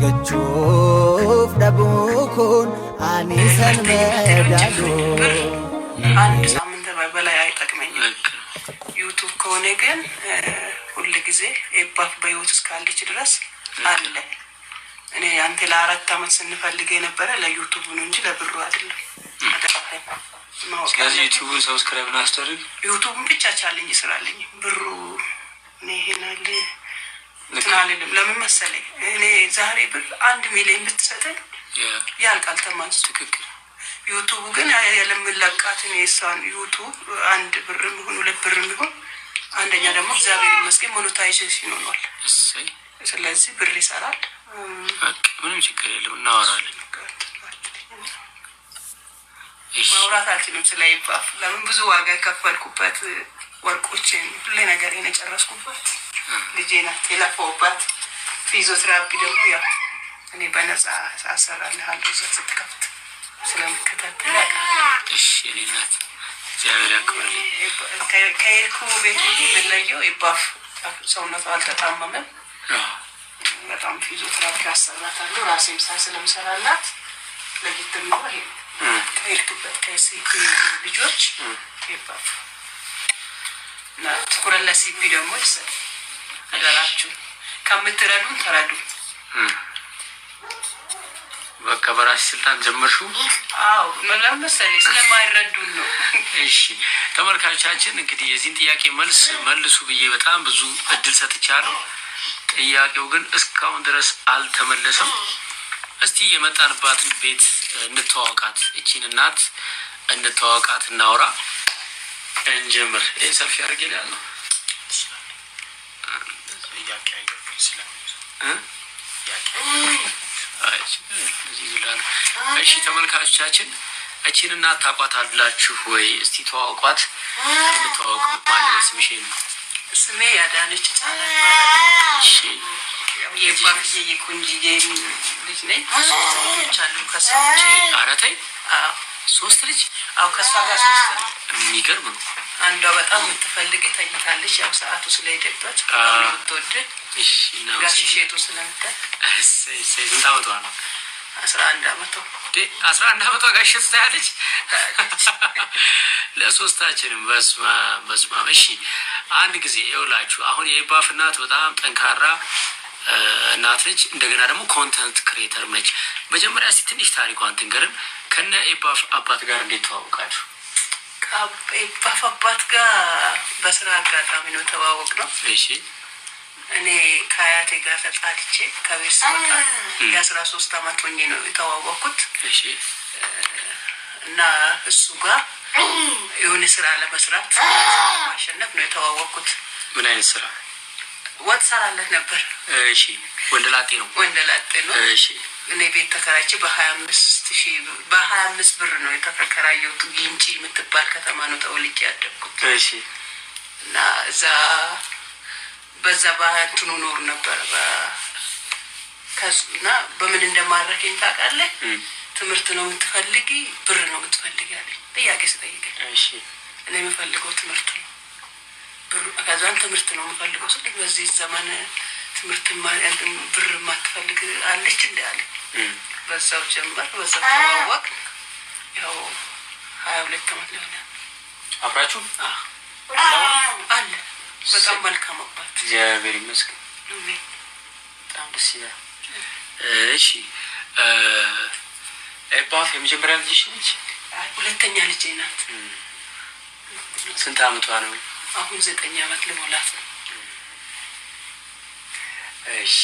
Gachuuf dhabuu kun ani san አንድ ሳምንት በላይ አይጠቅመኝም። ዩቱብ ከሆነ ግን ሁል ጊዜ ኤባፍ በህይወት እስካለች ድረስ አለ። እኔ አንተ ለአራት አመት ስንፈልግ የነበረ ለዩቱብ ነው እንጂ ለብሩ አይደለም። ስለዚህ ዩቱብን ሰብስክራይብ አስደርግ፣ ዩቱብን ብቻ ቻለኝ ስራለኝ ብሩ ይሄናል እንትን አልልም። ለምን መሰለኝ እኔ ዛሬ ብር አንድ ሚሊዮን ብትሰጠን ያልቃል ተማዝ ትክክል። ዩቱቡ ግን ያለምለቃት የሳን ዩቱብ አንድ ብር ሆን ሁለት ብር ሆን አንደኛ ደግሞ እግዚአብሔር ይመስገን ሞኖታይዜሽን ይሆኗል። ስለዚህ ብር ይሰራል። ምንም ችግር የለም፣ እናወራለን። ማውራት አልችልም ስለ ይባፍ ለምን ብዙ ዋጋ የከፈልኩበት ወርቆችን ሁሌ ነገር የጨረስኩበት ልጄ ናት የለፈውባት። ፊዚዮቴራፒ ደግሞ ያው እኔ በነጻ አሰራልሃለሁ እዛ ስትከፍት ስለምከታተል ቤት የምለየው ይባፍ ሰውነቷ አልተጣመመም። በጣም ፊዚዮቴራፒ አሰራታለሁ ራሴም ሳ ስለምሰራላት ለጌት ነው ይሄ ከሄድክበት ከሲፒ ልጆች ይባፍ ትኩረት ለሲፒ ደግሞ ይሰራል። ይረዳችሁ። ከምትረዱን ተረዱ። በቃ በራሴ ስልጣን ጀመርሹ። አዎ መለመሰል ስለማይረዱን ነው። እሺ ተመልካቾቻችን፣ እንግዲህ የዚህን ጥያቄ መልስ መልሱ ብዬ በጣም ብዙ እድል ሰጥቻለሁ። ጥያቄው ግን እስካሁን ድረስ አልተመለሰም። እስቲ የመጣንባትን ቤት እንተዋወቃት፣ እቺን እናት እንተዋወቃት፣ እናውራ፣ እንጀምር። ይህ ሰፊ ያለው እሺ ተመልካቾቻችን እቺን እናት ታውቋታላችሁ ወይ? እስቲ ተዋውቋት። የምታወቁ ማለት ስምሽን? ስሜ ያዳነች ልጅ ነኝ። ሶስት ልጅ አሉ ከሷ ጋር ሶስት የሚገርም ነው። አንዷ በጣም የምትፈልግ ተኝታለች። ያው ሰዓቱ ስለሄደበት የምትወድድ ጋሽሼቱ ስለምታል ስንት አመቷ ነው? አስራ አንድ አመቷ አስራ አንድ አመቷ ጋሽ ስታያለች። ለሶስታችንም በስማ በስማ። እሺ አንድ ጊዜ ይውላችሁ አሁን የባፍ እናት በጣም ጠንካራ እናት ነች። እንደገና ደግሞ ኮንተንት ክሬተር ነች። መጀመሪያ እስኪ ትንሽ ታሪኳን ትንገርን። ከነ ኤባፍ አባት ጋር እንዴት ተዋወቃችሁ? አባት ጋር በስራ አጋጣሚ ነው ተዋወቅ ነው። እኔ ከአያቴ ጋር ተጣልቼ ከቤት ስወጣ የአስራ ሶስት አመት ሆኜ ነው የተዋወቅኩት እና እሱ ጋር የሆነ ስራ ለመስራት ማሸነፍ ነው የተዋወቅኩት። ምን አይነት ስራ? ወጥ ሰራለት ነበር። ወንደላጤ ነው። ወንደላጤ ነው። እኔ ቤት ተከራች በሀያ አምስት ሺ በሀያ አምስት ብር ነው የተከራየሁት። ግንጪ የምትባል ከተማ ነው ተወልጄ ያደግኩት እና እዛ በዛ ባህንትኑ ኖር ነበር እና በምን እንደማረከኝ ታውቃለህ? ትምህርት ነው የምትፈልጊ ብር ነው የምትፈልጊ አለኝ። ጥያቄ ስጠይቀኝ እኔ የምፈልገው ትምህርት ነው ብሩ ከዛን ትምህርት ነው የምፈልገው ስልክ በዚህ ዘመን ትምህርት ብር ማትፈልግ አለች እንዳለ በዛው ጀመር በዛው ተዋወቅ። ያው ሀያ ሁለት አመት ሊሆነ አብራችሁ አለ። በጣም መልካም አባት እግዚአብሔር ይመስገን። በጣም ደስ ይላል። እሺ ባት የመጀመሪያ ልጅሽ ነች? ሁለተኛ ልጅ ናት። ስንት አመቷ ነው? አሁን ዘጠኝ አመት ልሞላት ነው። እሺ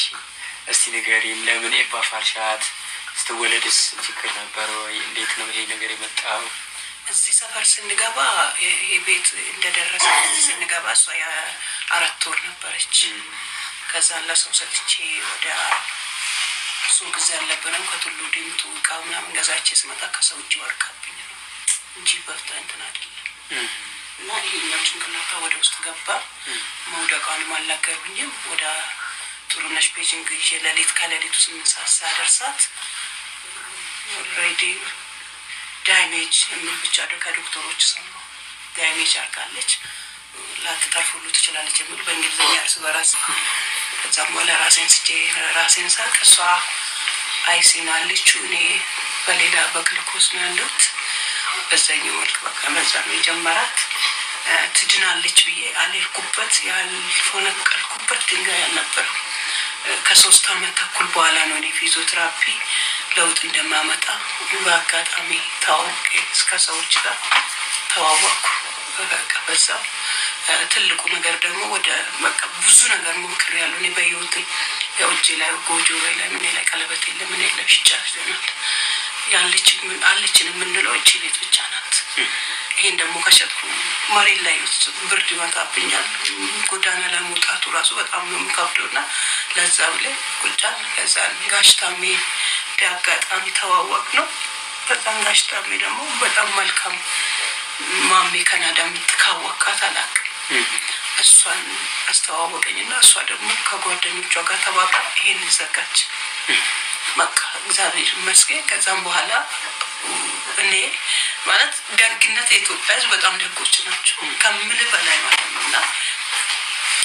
እስቲ ንገሪን፣ ለምን ኤባ ፋርሻት ስትወለድስ ችግር ነበር ወይ? እንዴት ነው ይሄ ነገር የመጣው? እዚህ ሰፈር ስንገባ ይሄ ቤት እንደደረሰ ስንገባ እሷ የአራት ወር ነበረች። ከዛ ለሰው ሰጥቼ ወደ ሱቅ ጊዜ ያለብንም ከቱሉ ድምጡ እቃ ምናምን ገዛቼ ስመጣ ከሰው እጅ ወርቃብኝ ነው እንጂ በፍታ እንትን አይደለም። እና ይሄኛው ጭንቅላቷ ወደ ውስጥ ገባ። መውደቋንም አላገሩኝም ወደ ጥሩነሽ ቤጂንግ ይዤ ሌሊት ከሌሊቱ ስምንት ሰዓት ሳደርሳት ኦልሬዲ ዳይሜጅ የሚል ብቻ ከዶክተሮች ሰማሁ። ዳይሜጅ አድርጋለች ላትተርፍ ሁሉ ትችላለች የሚሉ በእንግሊዝኛ እርስ በራስ እዛም በኋላ ራሴን ስቼ ራሴን ሳቅ እሷ አይሲን እኔ በሌላ በግልኮስ ነው ያለሁት። በዛኛው መልክ በቃ በዛ ነው የጀመራት። ትድናለች ብዬ አልሄድኩበት ያልፎነቀልኩበት ድንጋይ አልነበረም። ከሶስት አመት ተኩል በኋላ ነው እኔ ፊዚዮቴራፒ ለውጥ እንደማመጣ በአጋጣሚ ታወቅ እስከ ሰዎች ጋር ተዋወቅኩ። በቃ በዛ ትልቁ ነገር ደግሞ ወደ በቃ ብዙ ነገር ሞክር ያሉ እኔ በህይወቴ ያው እጄ ላይ ጎጆ ላይ ለምን ላይ ቀለበት የለም ምን የለም ሽጫ ይሆናል አለችን የምንለው እቺ ቤት ብቻ ናት። ይሄን ደግሞ ከሸጥኩ መሬት ላይ ብርድ ይመጣብኛል። ጎዳና ለመውጣቱ ራሱ በጣም ነው የምከብደው እና ለዛ ብለ ቁጫ ከዛ ጋሽታሜ ቢያጋጣሚ ተዋወቅ ነው። በጣም ጋሽታሜ ደግሞ በጣም መልካም ማሜ ከናዳ የምትካወቃት አላውቅም። እሷን አስተዋወቀኝና እሷ ደግሞ ከጓደኞቿ ጋር ተባብራ ይሄን ዘጋች። በቃ እግዚአብሔር ይመስገን። ከዛም በኋላ እኔ ማለት ደግነት የኢትዮጵያ ሕዝብ በጣም ደጎች ናቸው ከምል በላይ ማለት ነው እና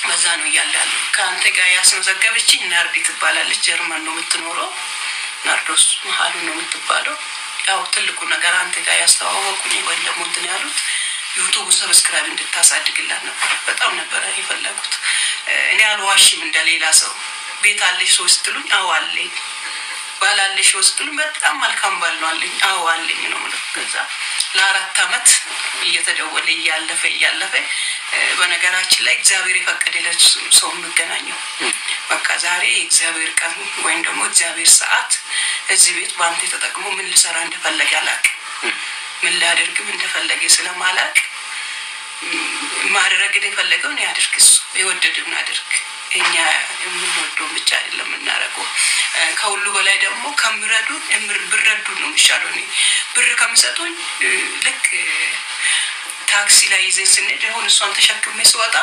በዛ ነው እያለ ያለ ከአንተ ጋር ያስመዘገብች ናርዲ ትባላለች። ጀርመን ነው የምትኖረው። ናርዶስ መሀሉ ነው የምትባለው። ያው ትልቁ ነገር አንተ ጋር ያስተዋወቁ ወይም ደግሞ እንትን ያሉት ዩቱቡን ሰብስክራይብ እንድታሳድግላት ነበር። በጣም ነበረ የፈለጉት። እኔ አልዋሽም እንደሌላ ሰው ቤት አለች ሰው ስትሉኝ አዋለኝ ባላለሽ ወስዱን በጣም መልካም ባል ነው አለኝ። አዎ አለኝ ነው የምለው። ከዛ ለአራት አመት እየተደወለ እያለፈ እያለፈ በነገራችን ላይ እግዚአብሔር የፈቀደለች ሰው የምገናኘው በቃ ዛሬ የእግዚአብሔር ቀን ወይም ደግሞ እግዚአብሔር ሰዓት እዚህ ቤት በአንተ ተጠቅሞ ምን ልሰራ እንደፈለገ አላቅ ምን ላደርግም እንደፈለገ ስለማላቅ ማድረግን የፈለገውን ያድርግ እሱ የወደደውን አድርግ እኛ የምንወደውን ብቻ አይደለም የምናደርገው። ከሁሉ በላይ ደግሞ ከምረዱን ብረዱን ነው የሚሻለው። ብር ከምሰጡኝ ልክ ታክሲ ላይ ይዘን ስንሄድ አሁን እሷን ተሸክሜ ስወጣ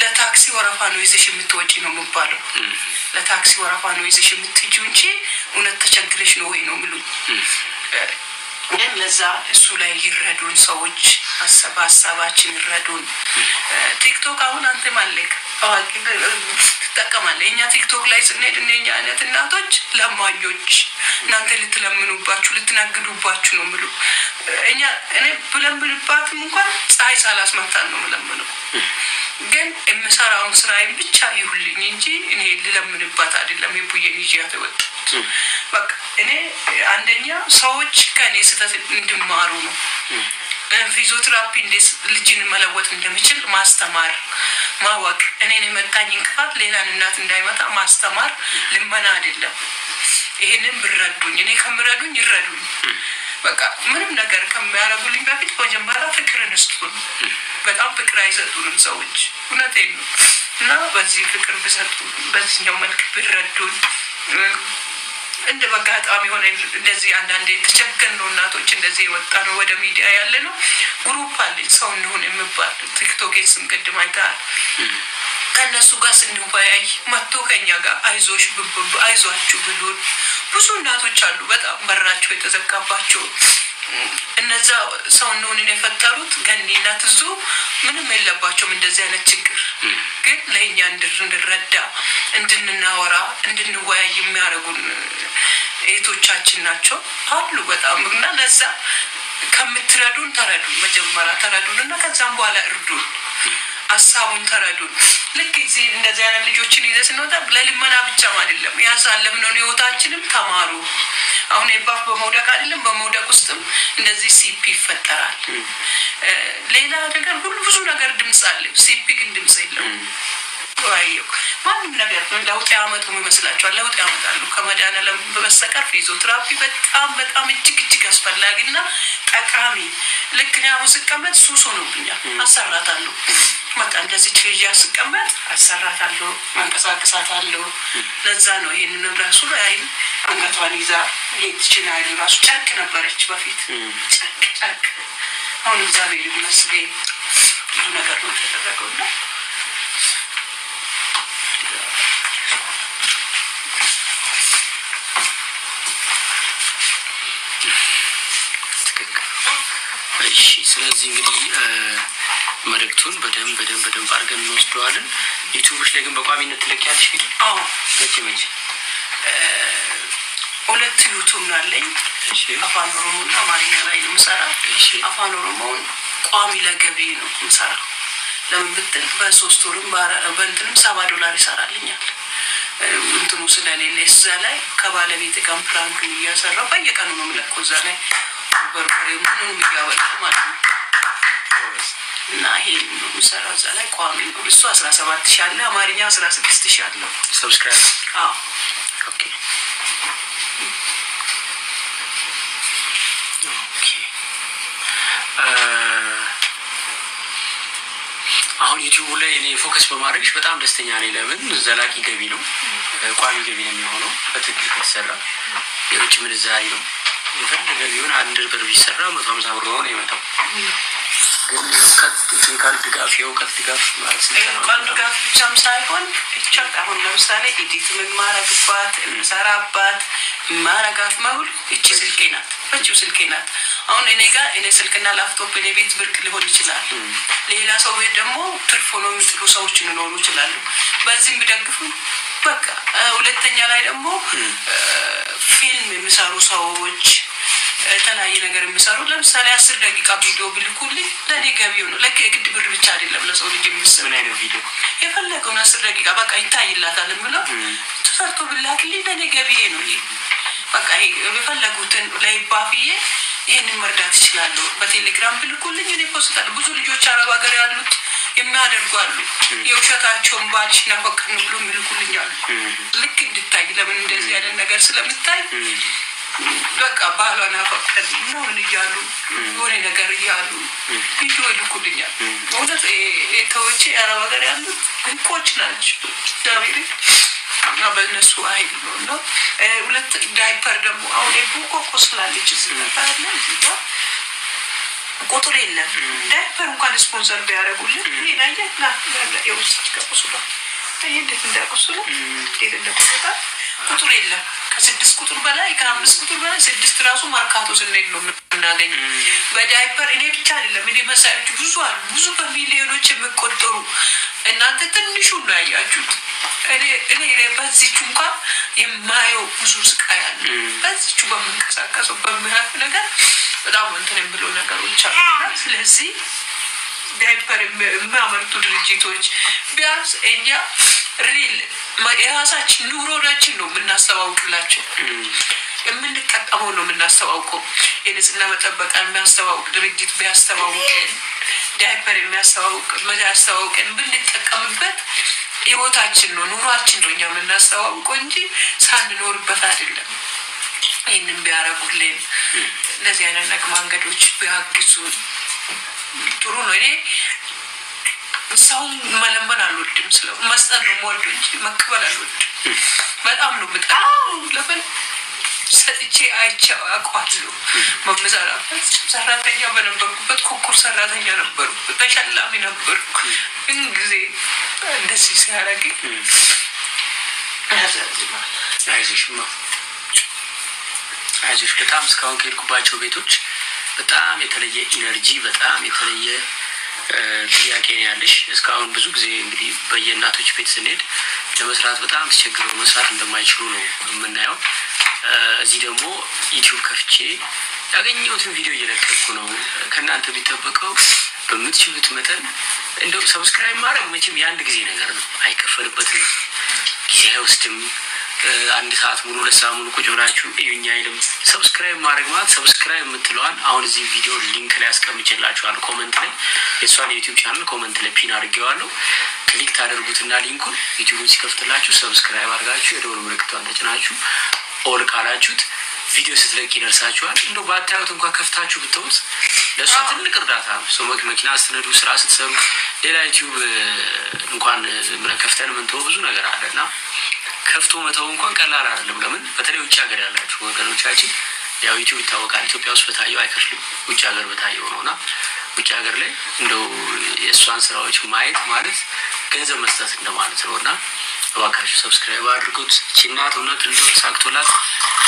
ለታክሲ ወረፋ ነው ይዘሽ የምትወጪ ነው የሚባለው። ለታክሲ ወረፋ ነው ይዘሽ የምትሄጂው እንጂ እውነት ተቸግረሽ ነው ወይ ነው የሚሉኝ። ግን ለዛ እሱ ላይ ይረዱን ሰዎች በሀሳባችን ይረዱን። ቲክቶክ አሁን አንተ ማለክ አዋቂ ትጠቀማለህ። እኛ ቲክቶክ ላይ ስንሄድ እነኛ አይነት እናቶች ለማኞች እናንተ ልትለምኑባችሁ ልትናግዱባችሁ ነው ምሉ እኛ እኔ ብለምንባትም እንኳን ፀሐይ ሳላስመታን ነው ምለምነው ግን የምሰራውን ስራዬን ብቻ ይሁልኝ እንጂ እኔ ልለምንባት አይደለም። የቡየን ይዤ ያተወጣት በቃ እኔ አንደኛ ሰዎች ከእኔ ስህተት እንዲማሩ ነው። ፊዚዮቴራፒ እንዴት ልጅን መለወጥ እንደሚችል ማስተማር ማወቅ፣ እኔን የመታኝ እንቅፋት ሌላን እናት እንዳይመጣ ማስተማር ልመና አይደለም። ይህንን ብረዱኝ፣ እኔ ከምረዱኝ ይረዱኝ። በቃ ምንም ነገር ከሚያደርጉልኝ በፊት መጀመሪያ ፍቅርን ስጡን። በጣም ፍቅር አይሰጡንም ሰዎች፣ እውነቴን ነው። እና በዚህ ፍቅር ብሰጡ፣ በዚህኛው መልክ ብረዱን እንደ በአጋጣሚ ሆነ እንደዚህ አንዳንድ የተቸገን ነው እናቶች እንደዚህ የወጣ ነው ወደ ሚዲያ ያለ ነው። ግሩፕ አለች ሰው እንሁን የሚባል ቲክቶክ ስም ቅድም አይተሃል። ከእነሱ ጋር ስንወያይ መጥቶ ከኛ ጋር አይዞሽ አይዟችሁ ብሉን ብዙ እናቶች አሉ። በጣም በራቸው የተዘጋባቸው እነዛ ሰው እንደሆንን የፈጠሩት ገኒና ትዙ ምንም የለባቸውም እንደዚህ አይነት ችግር፣ ግን ለእኛ እንድንረዳ እንድንናወራ እንድንወያይ የሚያደርጉን እህቶቻችን ናቸው አሉ በጣም እና ለዛ ከምትረዱን ተረዱ መጀመሪያ ተረዱን እና ከዛም በኋላ እርዱን፣ ሀሳቡን ተረዱን። ልክ እዚህ እንደዚህ አይነት ልጆችን ይዘ ስንወጣ ለልመና ብቻም አይደለም ያሳለፍነውን ህይወታችንም ተማሩ አሁን ኤባፍ በመውደቅ አይደለም፣ በመውደቅ ውስጥም እንደዚህ ሲፒ ይፈጠራል። ሌላ ነገር ሁሉ ብዙ ነገር ድምፅ አለ። ሲፒ ግን ድምፅ የለውም። ተወያየው ማንም ነገር ለውጥ ያመጡ ይመስላቸዋል። ለውጥ ያመጣሉ ከመድኃኒዓለም በስተቀር ፊዚዮቴራፒ በጣም በጣም እጅግ እጅግ አስፈላጊ አስፈላጊና ጠቃሚ ልክ እኔ አሁን ስቀመጥ ሱስ ሆኖብኛል። አሰራታለሁ በቃ እንደዚህ ትይዣ ስቀመጥ አሰራታለሁ፣ አንቀሳቅሳታለሁ። ለዛ ነው ይህንን ራሱ ላይ አንገቷን ይዛ ትችና ይችላሉ። ራሱ ጨርቅ ነበረች በፊት ጨርቅ ጨርቅ። አሁን እግዚአብሔር ይመስገን ብዙ ነገር ነው የተደረገውና እሺ ስለዚህ እንግዲህ መልእክቱን በደንብ በደንብ በደንብ አድርገን እንወስደዋለን። ዩቱቦች ላይ ግን በቋሚነት ትለቂያለሽ? ግ አዎ፣ መቼ መቼ? ሁለት ዩቱብ ነው ያለኝ። አፋን ኦሮሞ እና አማርኛ ላይ ነው ምሰራ። አፋን ኦሮሞውን ቋሚ ለገቢ ነው ምሰራ። ለምን ብትል በሶስት ወርም በእንትንም ሰባ ዶላር ይሰራልኛል። እንትኑ ስለሌለ እዛ ላይ ከባለቤት ጋር ፕራንክን እያሰራው በየቀኑ ነው የምለቀው እዛ ላይ በርበሬ ምንም እያበላ ማለት ነው። እና ይሄ እዛ ላይ ቋሚ ነው እሱ አስራ ሰባት አለ አማርኛ አስራ ስድስት ሺህ አለው። ሰብስክራይብ አዎ ኦኬ አሁን ዩቲዩቡ ላይ እኔ ፎከስ በማድረግሽ በጣም ደስተኛ ነኝ። ለምን ዘላቂ ገቢ ነው፣ ቋሚ ገቢ ነው የሚሆነው። በትግል ከተሰራ የውጭ ምንዛሪ ነው የፈለገ ቢሆን አንድ ብር ቢሰራ መቶ ሀምሳ ብር ሆነ ይመጣው። ግን ድጋፍ የእውቀት ድጋፍ ማለት ድጋፍ ብቻም ሳይሆን ይቻል አሁን ለምሳሌ ኤዲት የምማረግባት የምሰራባት የማረጋት መሁል እቺ ስልኬ ናት፣ በቺው ስልኬ ናት። አሁን እኔ ጋር እኔ ስልክና ላፕቶፕ እኔ ቤት ብርቅ ሊሆን ይችላል። ሌላ ሰው ቤት ደግሞ ትርፍ ሆኖ የሚጥሉ ሰዎች ሊኖሩ ይችላሉ። በዚህም ብደግፉ በቃ ሁለተኛ ላይ ደግሞ ፊልም የሚሰሩ ሰዎች የተለያየ ነገር የሚሰሩ ለምሳሌ አስር ደቂቃ ቪዲዮ ብልኩልኝ ለእኔ ገቢው ነው። ለክ የግድ ብር ብቻ አይደለም ለሰው ልጅ የሚስብ ምን አይነት ቪዲዮ የፈለገውን አስር ደቂቃ በቃ ይታይላታል ብለው ተሰርቶ ብላክልኝ ለእኔ ገቢዬ ነው። በቃ የፈለጉትን ለይባፍዬ ይህንን መርዳት ይችላሉ። በቴሌግራም ብልኩልኝ እኔ ፖስታል ብዙ ልጆች አረብ ሀገር ያሉት የሚያደርጓሉ የውሸታቸውን ባልሽ ነፈቅን ብሎ ይልኩልኛል። ልክ እንድታይ ለምን እንደዚህ ያለ ነገር ስለምታይ በቃ ባህሏን አፈቅደን ምናምን እያሉ የሆነ ነገር እያሉ ልዩ ይልኩልኛል። እውነት ተወጪ አረብ ሀገር ያሉት ድንቆች ናቸው። እግዚአብሔር እና በእነሱ አይል ነው እና ሁለት ዳይፐር ደግሞ አሁን ቦኮኮ ስላለች ዝነታለ ያለ ቁጥር የለም። ዳይፐር እንኳን ስፖንሰር ቢያደርጉልን ቁጥር የለም። ከስድስት ቁጥር በላይ ከአምስት ቁጥር በላይ ስድስት ራሱ መርካቶ ስንሄድ ነው የምናገኝ። በዳይፐር እኔ ብቻ አይደለም እኔ መሳዮች ብዙ አሉ፣ ብዙ በሚሊዮኖች የሚቆጠሩ እናንተ ትንሹ ነው ያያችሁት። እኔ በዚቹ እንኳን የማየው ብዙ ስቃይ አለ። በዚቹ በምንቀሳቀሰው በሚያፍ ነገር በጣም እንትን ብሎ ነገሮች አሉ። ስለዚህ ዳይፐር የሚያመርቱ ድርጅቶች ቢያንስ እኛ ሪል የራሳችን ኑሮናችን ነው የምናስተዋውቅላቸው የምንጠቀመው ነው የምናስተዋውቀው። የንጽህና መጠበቃ የሚያስተዋውቅ ድርጅት ቢያስተዋውቅን፣ ዳይፐር የሚያስተዋውቅ ያስተዋውቅን ብንጠቀምበት ህይወታችን ነው ኑሯችን ነው እኛ የምናስተዋውቀው እንጂ ሳንኖርበት አይደለም። ይህንን ቢያረጉልን እንደዚህ አይነት ነግ መንገዶች ቢያግዙ ጥሩ ነው። እኔ ሰውም መለመን አልወድም፣ ስለ መስጠት ነው የምወደው እንጂ መቀበል አልወድም። በጣም ነው በጣም ለምን ሰጥቼ አይቼው አውቃለሁ። በምሰራበት ሰራተኛ በነበርኩበት ኮኮር ሰራተኛ ነበሩ፣ ተሸላሚ ነበርኩ። ግን ጊዜ እንደዚህ ሲያደርግ ያዘዝማል አይዞሽማ አይዞሽ በጣም እስካሁን ከሄድኩባቸው ቤቶች በጣም የተለየ ኢነርጂ፣ በጣም የተለየ ጥያቄ ነው ያለሽ። እስካሁን ብዙ ጊዜ እንግዲህ በየእናቶች ቤት ስንሄድ ለመስራት በጣም ተቸግረው መስራት እንደማይችሉ ነው የምናየው። እዚህ ደግሞ ዩቲዩብ ከፍቼ ያገኘሁትን ቪዲዮ እየለቀኩ ነው። ከእናንተ የሚጠበቀው በምትችሉት መጠን እንደው ሰብስክራይብ ማድረግ መቼም የአንድ ጊዜ ነገር ነው፣ አይከፈልበትም፣ ጊዜ አይወስድም። አንድ ሰዓት ሙሉ ሁለት ሰዓት ሙሉ ቁጭ ብላችሁ እዩኝ አይልም። ሰብስክራይብ ማድረግ ማለት ሰብስክራይብ የምትለዋን አሁን እዚህ ቪዲዮ ሊንክ ላይ አስቀምጬላችኋለሁ። ኮመንት ላይ የእሷን የዩቲዩብ ቻናል ኮመንት ላይ ፒን አድርጌዋለሁ። ክሊክ ታደርጉትና ሊንኩን ዩቲዩብን ሲከፍትላችሁ ሰብስክራይብ አድርጋችሁ የደወል ምልክቷን ተጭናችሁ ኦል ካላችሁት ቪዲዮ ስትለቅ ይደርሳችኋል። እንደ በአታዩት እንኳን ከፍታችሁ ብትውት ለእሷ ትልቅ እርዳታ ነው። ሰው መኪና ስትነዱ፣ ስራ ስትሰሩ፣ ሌላ ዩቲዩብ እንኳን ከፍተን ምንተው ብዙ ነገር አለ እና ከፍቶ መተው እንኳን ቀላል አይደለም። ለምን በተለይ ውጭ ሀገር ያላችሁ ወገኖቻችን ያው ኢትዮ ይታወቃል። ኢትዮጵያ ውስጥ በታየው አይከፍልም፣ ውጭ ሀገር በታየው ነው እና ውጭ ሀገር ላይ እንደው የእሷን ስራዎች ማየት ማለት ገንዘብ መስጠት እንደማለት ነው እና እባካችሁ ሰብስክራይብ አድርጉት። ችናት እውነት እንደው ሳክቶላት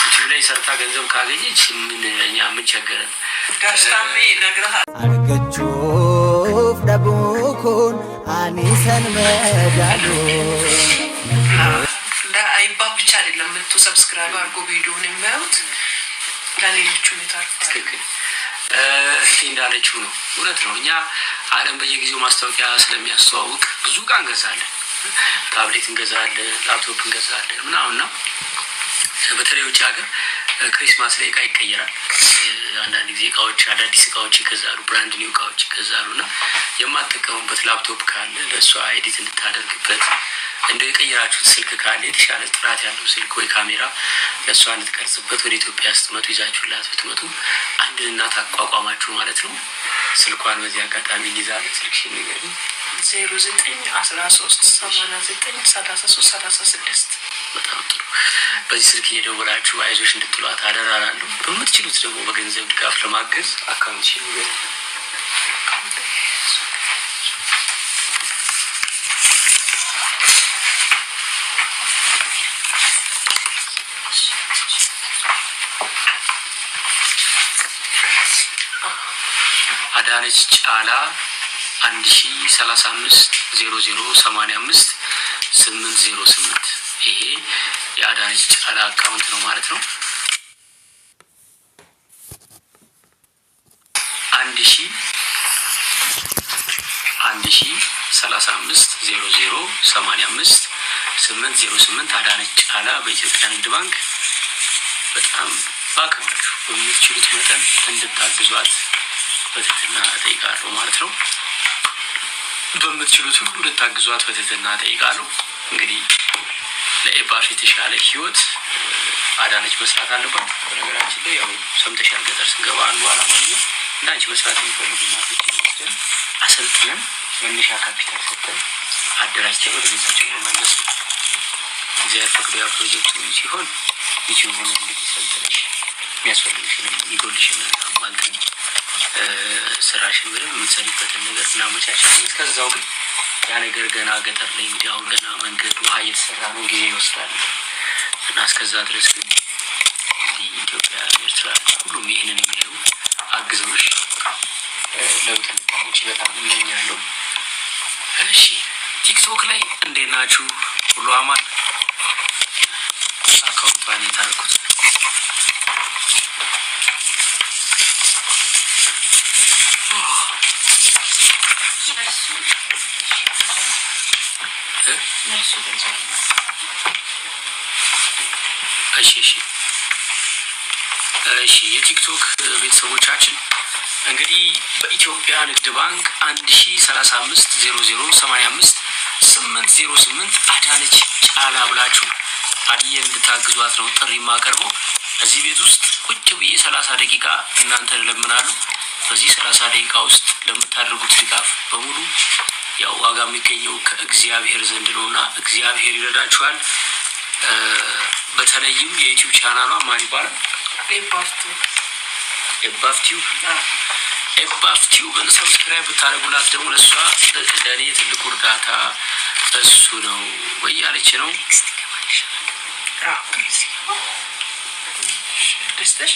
ዩቲዩብ ላይ ሰርታ ገንዘብ ካገኘች ምን እኛ ምን ቸገረን? አርገቹፍ ደቡኩን አኒሰን መዳሉ መቶ ሰብስክራይብ አድርጎ ቪዲዮን የሚያዩት ለሌሎቹ ታርፋል። እህቴ እንዳለችው ነው፣ እውነት ነው። እኛ አለም በየጊዜው ማስታወቂያ ስለሚያስተዋውቅ ብዙ እቃ እንገዛለን፣ ታብሌት እንገዛለን፣ ላፕቶፕ እንገዛለን ምናምን በተለይ ውጭ ሀገር ክሪስማስ ላይ እቃ ይቀየራል። አንዳንድ ጊዜ እቃዎች አዳዲስ እቃዎች ይገዛሉ፣ ብራንድ ኒው እቃዎች ይገዛሉ እና የማትጠቀሙበት ላፕቶፕ ካለ ለእሷ ኤዲት እንድታደርግበት እንደ የቀየራችሁት ስልክ ካለ የተሻለ ጥራት ያለው ስልክ ወይ ካሜራ ለእሷ እንድትቀርጽበት ወደ ኢትዮጵያ ስትመጡ ይዛችሁላት ብትመጡ አንድ እናት አቋቋማችሁ ማለት ነው። ስልኳን በዚህ አጋጣሚ እንይዛለን። ስልክሽን ንገሪኝ። ዜሮ ዘጠኝ አስራ ሶስት ሰማንያ ዘጠኝ ሰላሳ ሶስት ሰላሳ ስድስት በጣም ጥሩ። በዚህ ስልክ እየደወላችሁ አይዞሽ እንድትሏት አደራ በምትችሉት ደግሞ በገንዘብ ድጋፍ ለማገዝ አካውንት ሽን ንገሪኝ። ነች ጫላ አንድ ሺ ሰላሳ አምስት ዜሮ ዜሮ አምስት ስምንት ዜሮ ስምንት ይሄ የአዳነች ጫላ አካውንት ነው ማለት ነው። አንድ ሺ አንድ ሺ ሰላሳ አምስት ዜሮ ዜሮ አምስት ስምንት ዜሮ ስምንት አዳነች ጫላ በኢትዮጵያ ንግድ ባንክ በጣም ባክናችሁ በሚችሉት መጠን እንድታግዟት በትህትና እጠይቃለሁ ማለት ነው። በምትችሉት ሁሉ ልታግዟት በትህትና እጠይቃለሁ። እንግዲህ ለኤባፍ የተሻለ ህይወት አዳነች መስራት አለባት። በነገራችን ላይ ያው ሰምተሻል፣ ገጠር ስንገባ አንዱ አላማ ነው እና አንቺ መስራት የሚፈልጉ እናቶች ወስደን አሰልጥነን መነሻ ካፒታል ሰጠን አደራጅተን ወደ ቤታቸው መመለስ ነው። እግዚአብሔር ፈቅዶ ያ ፕሮጀክቱ ሲሆን ዩቲዩብ ሆነ እንግዲህ ሰልጥነሽ የሚያስፈልግሽንም ይጎልሽን ማልጠን ስራሽን ብለን የምትሰሪበትን ነገር እናመቻቻለን። ከዛው ግን ያ ነገር ገና ገጠር ላይ እንግዲህ አሁን ገና መንገድ ውሃ እየተሰራ ነው፣ ጊዜ ይወስዳል እና እስከዛ ድረስ ግን ኢትዮጵያ፣ ኤርትራ ሁሉም ይህንን የሚያዩ አግዘውሽ ለውጥ በጣም እመኛለሁ። እሺ፣ ቲክቶክ ላይ እንዴት ናችሁ? ሁሉ አማን አካውንቷን የታርኩት እሺ የቲክቶክ ቤተሰቦቻችን እንግዲህ በኢትዮጵያ ንግድ ባንክ አንድ ሺ ሰላሳ አምስት ዜሮ ዜሮ ሰማንያ አምስት ስምንት ዜሮ ስምንት አዳነች ጫላ ብላችሁ አድዬ እንድታግዟት ነው ጥሪ የማቀርበው። እዚህ ቤት ውስጥ ቁጭ ብዬ ሰላሳ ደቂቃ እናንተ ለምናሉ? በዚህ ሰላሳ ደቂቃ ውስጥ ለምታደርጉት ድጋፍ በሙሉ ያው ዋጋ የሚገኘው ከእግዚአብሔር ዘንድ ነው እና እግዚአብሔር ይረዳችኋል። በተለይም የዩቲዩብ ቻናሏ ማን ይባላል? ኤባፍቲው ኤባፍቲውብን ሰብስክራይብ ብታደርጉላት ደግሞ ለእሷ ለእኔ ትልቁ እርዳታ እሱ ነው ወያለች ነው። ደስተሽ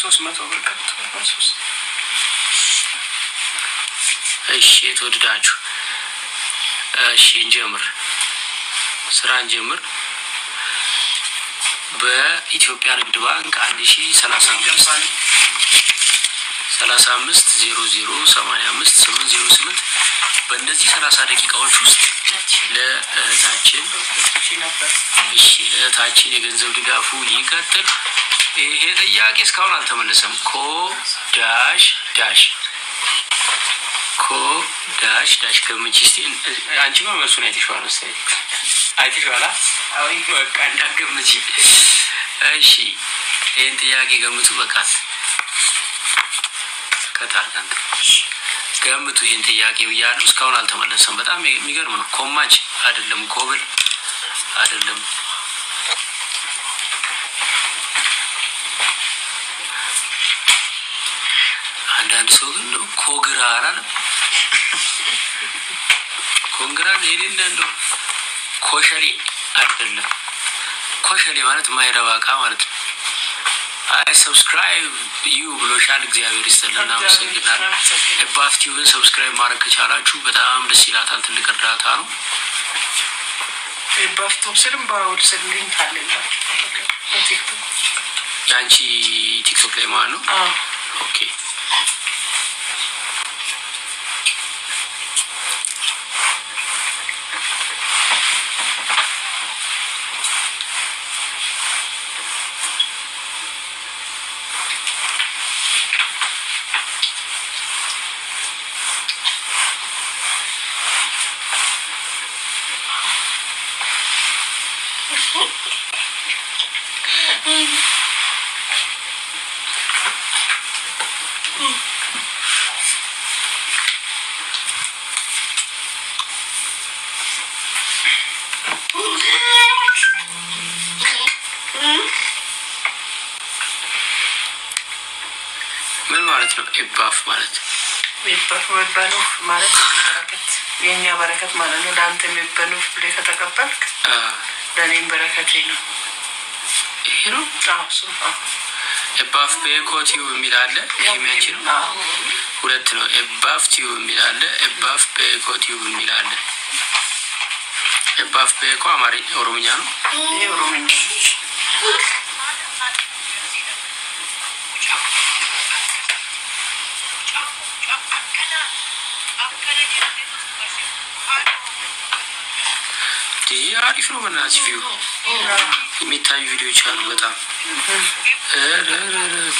ሶስት መቶ ብር ከብቶ እሺ የተወደዳችሁ እሺ እንጀምር ስራ እንጀምር በኢትዮጵያ ንግድ ባንክ አንድ ሺ ሰላሳ ሰላሳ አምስት ዜሮ ዜሮ ሰማንያ አምስት ስምንት ዜሮ ስምንት በእነዚህ ሰላሳ ደቂቃዎች ውስጥ ለእህታችን እሺ የገንዘብ ድጋፉ ይቀጥል። ይሄ ጥያቄ እስካሁን አልተመለሰም። ኮ ዳሽ ዳሽ ኮ ዳሽ ዳሽ ገምች ስ አንቺ ማ መልሱን አይተሽዋል መሰለኝ አይተሽዋላ። በቃ እንዳገምች። እሺ ይህን ጥያቄ ገምቱ። በቃት በርከት ገምቱ። ይህን ጥያቄ ብያለሁ፣ እስካሁን አልተመለሰም። በጣም የሚገርም ነው። ኮማች አይደለም፣ ኮብል አይደለም። አንዳንድ ሰው ግን ኮግራ አላለም። ኮንግራ የሌለ እንደው ኮሸሌ አይደለም። ኮሸሌ ማለት ማይረባ እቃ ማለት ነው። አይ ሰብስክራይብ እዩ ብሎሻል። እግዚአብሔር ይስጥልን፣ አመሰግናል። ኤባፍ ቲቪን ሰብስክራይብ ማድረግ ከቻላችሁ በጣም ደስ ይላታል። ትልቅ እርዳታ ነው። የአንቺ ቲክቶክ ላይ ማለት ነው። ኦኬ አፍ ማለት ቤባፍ የሚባለው ማለት በረከት የእኛ በረከት ማለት ነው። ለአንተ የሚበሉት ብ ከተቀበልክ ለእኔም በረከት ነው። ይሄ ነው ሱ ኤባፍ በኮቲው የሚል አለ። ይሄሚያች ነው? ሁለት ነው። ኤባፍ ቲዩ የሚል አለ። ኤባፍ በኮቲው የሚል አለ። ኤባፍ ቤኮ አማርኛ ኦሮምኛ ነው። ይሄ ኦሮምኛ አሪፍ ነው። በእናትሽ ቪው የሚታዩ ቪዲዮዎች አሉ። በጣም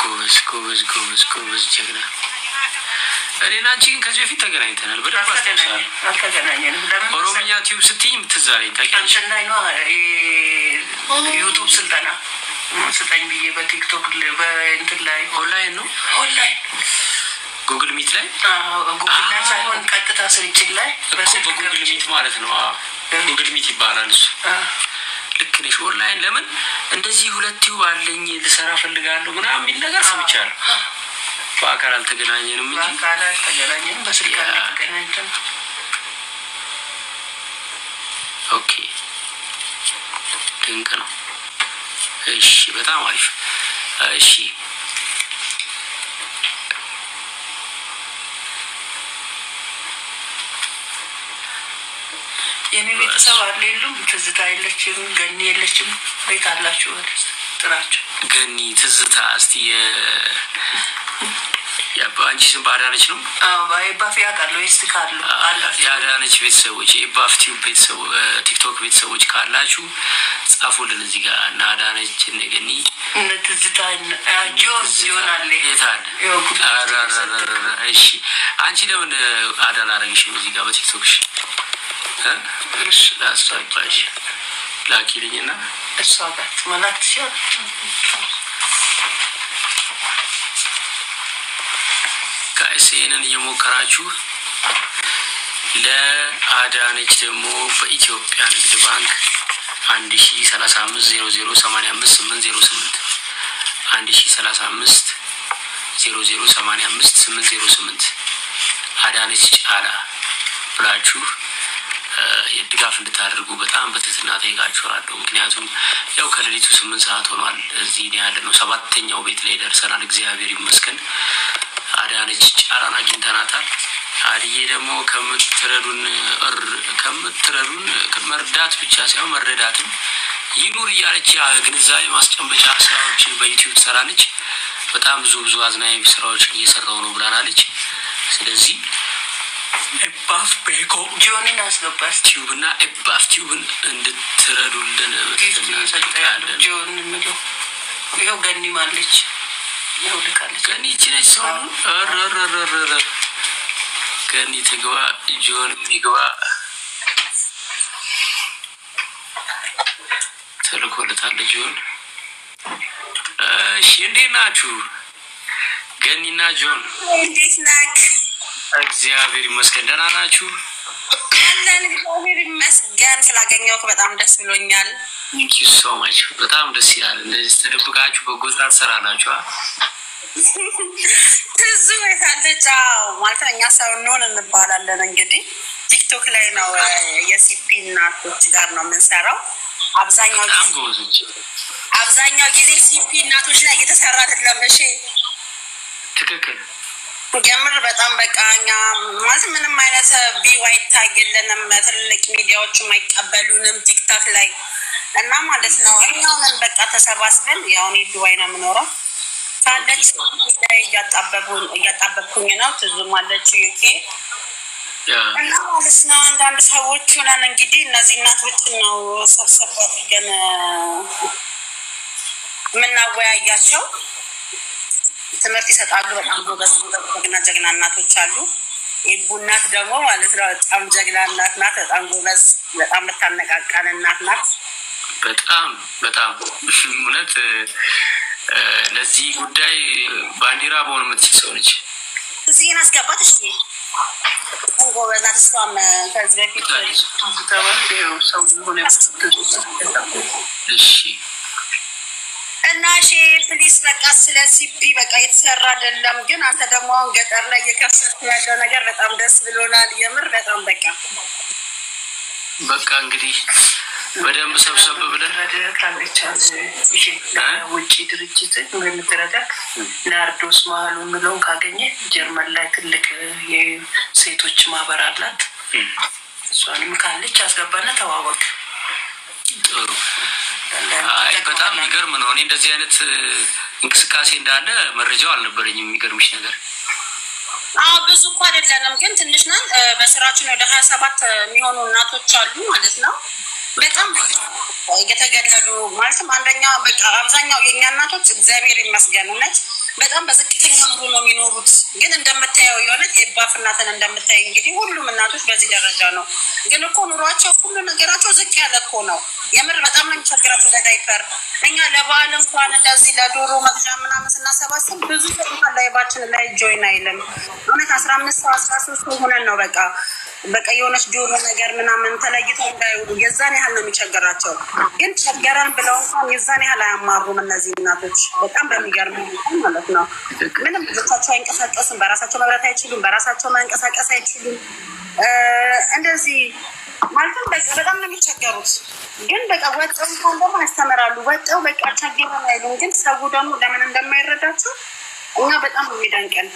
ጎበዝ ጎበዝ ጎበዝ ጎበዝ ጀግና። እኔ ናንቺ ግን ከዚህ በፊት ተገናኝተናል። በደንብ አስታውሳለሁ። ኦሮምኛ ቲዩብ ስትይኝ የምትዛለኝ ታውቂያለሽ። ዩቱብ ስልጠና ስጠኝ ብዬ በቲክቶክ በእንትን ላይ ኦንላይን ነው ኦንላይን ጉግል ሚት ላይ ሳይሆን ቀጥታ ስርጭት ላይ በጉግል ሚት ማለት ነው። ጉግል ሚት ይባላል እሱ። ልክ ነሽ። ኦንላይን ለምን እንደዚህ ሁለት ዩብ አለኝ ልሰራ ፈልጋለሁ ምናምን የሚል ነገር ሰምቻለሁ። በአካል አልተገናኘንም እንጂ በአካል አልተገናኘንም፣ በስልክ አልተገናኘንም። ኦኬ፣ ድንቅ ነው። እሺ፣ በጣም አሪፍ። እሺ የኔ ቤተሰብ አሉ የሉም። ትዝታ የለችም፣ ገኒ የለችም። ቤት አላችሁ ጥራቸው። ገኒ ትዝታ እስቲ አንቺ ስም በአዳነች ነው ባፊ ያውቃሉ ስ ካሉ የአዳነች ቤተሰቦች የባፍቲው ቤተሰቦ ቲክቶክ ቤተሰቦች ካላችሁ ጻፉልን እዚህ ጋር እና አዳነች እነ ገኒ እነ ትዝታ ጆርጅ ይሆናል የታለ እሺ አንቺ ለምን አዳን አረግሽ እዚህ ጋር በቲክቶክሽ ለእሷ ይባልሽ ላኪልኝ እና እሷ ጋር መላክ ሲሆን ከእስኤንን እየሞከራችሁ ለአዳነች ደግሞ በኢትዮጵያ ንግድ ባንክ አንድ ሺ ሰላሳ አምስት ዜሮ ዜሮ ሰማንያ አምስት ስምንት ዜሮ ስምንት አንድ ሺ ሰላሳ አምስት ዜሮ ዜሮ ሰማንያ አምስት ስምንት ዜሮ ስምንት አዳነች ጫላ ብላችሁ ድጋፍ እንድታደርጉ በጣም በትህትና ጠይቃችኋለሁ። ምክንያቱም ያው ከሌሊቱ ስምንት ሰዓት ሆኗል። እዚህ ያለ ነው ሰባተኛው ቤት ላይ ደርሰናል። እግዚአብሔር ይመስገን አዳነች ጫራን አግኝተናታል። አድዬ ደግሞ ከምትረዱን ከምትረዱን መርዳት ብቻ ሳይሆን መረዳትም ይኑር እያለች ግንዛቤ ማስጨንበቻ ስራዎችን በዩቲዩብ ትሰራለች። በጣም ብዙ ብዙ አዝናኝ ስራዎችን እየሰራው ነው ብላናለች። ስለዚህ ኤባፍ ቤኮ ጆን እናስገባል ቲዩብና ኤባፍ ቲዩብን እንድትረዱልን ጆን የምለው ይኸው ገኒ ማለች ይኸው ልካለች። ገኒ ይቺ ነች ሰሆኑ ገኒ ትግባ ጆን የሚግባ ተልኮልታለች ጆን። እሺ እንዴት ናችሁ ገኒና ጆን እንዴት ናችሁ? እግዚአብሔር ይመስገን። ደህና ናችሁ? አለን። እግዚአብሔር ይመስገን። ስላገኘሁ በጣም ደስ ብሎኛል። ቴንክ ዩ ሶ ማች። በጣም ደስ ይላል። እንደዚህ ተደብቃችሁ በጎ ስራ ትሰራላችሁ። ትዝ ቤታለች ማለት እኛ ሰው እንሆን እንባላለን። እንግዲህ ቲክቶክ ላይ ነው የሲፒ እናቶች ጋር ነው የምንሰራው አብዛኛው አብዛኛው ጊዜ ሲፒ እናቶች ላይ እየተሰራ አይደለም። እሺ ትክክል የምር በጣም በቃ እኛ ማለት ምንም አይነት ቪው አይታየልንም። ትልልቅ ሚዲያዎችም አይቀበሉንም ቲክታክ ላይ እና ማለት ነው እኛውንን በቃ ተሰባስበን ያሁን ዱባይ ነው የምኖረው ካለች ላይ እያጣበብኩኝ ነው። ትዙም አለች ዩኬ እና ማለት ነው አንዳንድ ሰዎች ሆነን እንግዲህ እነዚህ እናቶችን ነው ሰብሰብ አድርገን የምናወያያቸው። ትምህርት ይሰጣሉ። በጣም ጎበዝ ጀግና ጀግና እናቶች አሉ። ቡናት ደግሞ ማለት ነው በጣም ጀግና እናት ናት። በጣም ጎበዝ፣ በጣም የምታነቃቃን እናት ናት። በጣም በጣም እውነት ለዚህ ጉዳይ ባንዲራ በሆነ የምትችል ሰው ነች። እዚህን አስገባት እሺ። ጎበዝ ናት። እሷም ከዚህ በፊት ሰው ሆነ እሺ እና እሺ ፕሊስ በቃ ስለ ሲፒ በቃ የተሰራ አይደለም። ግን አንተ ደግሞ አሁን ገጠር ላይ እየከሰቱ ያለው ነገር በጣም ደስ ብሎናል። የምር በጣም በቃ በቃ እንግዲህ በደንብ ሰብሰብ ብለን ውጭ ድርጅት የምትረዳ ናርዶስ መሀሉ የሚለውን ካገኘ ጀርመን ላይ ትልቅ የሴቶች ማህበር አላት። እሷንም ካለች አስገባና ተዋወቅ ጥሩ አይ በጣም የሚገርም ነው። እኔ እንደዚህ አይነት እንቅስቃሴ እንዳለ መረጃው አልነበረኝም። የሚገርምሽ ነገር አዎ ብዙ እኮ አይደለንም፣ ግን ትንሽ ነን። በስራችን ወደ ሀያ ሰባት የሚሆኑ እናቶች አሉ ማለት ነው በጣም የተገለሉ ማለትም አንደኛው በቃ አብዛኛው የእኛ እናቶች እግዚአብሔር ይመስገን በጣም በዝቅተኛ ኑሮ ነው የሚኖሩት። ግን እንደምታየው የሆነ የባፍ እናትን እንደምታይ እንግዲህ ሁሉም እናቶች በዚህ ደረጃ ነው። ግን እኮ ኑሯቸው ሁሉ ነገራቸው ዝቅ ያለ እኮ ነው። የምር በጣም ነው የሚቸግራቸው። ለዳይፐር እኛ ለበዓል እንኳን እንደዚህ ለዶሮ መግዣ ምናምን ስናሰባስብ ብዙ ሰጡታል ላይባችን ላይ ጆይን አይልም እውነት አስራ አምስት ሰው አስራ ሶስት ሆነን ነው በቃ በቃ የሆነች ጆሮ ነገር ምናምን ተለይቶ እንዳይውሉ የዛን ያህል ነው የሚቸገራቸው። ግን ቸገረን ብለው እንኳን የዛን ያህል አያማሩም። እነዚህ እናቶች በጣም በሚገርም ማለት ነው። ምንም ብቻቸው አይንቀሳቀስም በራሳቸው መብላት አይችሉም፣ በራሳቸው መንቀሳቀስ አይችሉም። እንደዚህ ማለትም በጣም ነው የሚቸገሩት። ግን በቃ ወጠው እንኳን ደግሞ ያስተምራሉ። ወጠው በቃ ቸገረን አይሉም። ግን ሰው ደግሞ ለምን እንደማይረዳቸው እና በጣም የሚደንቀን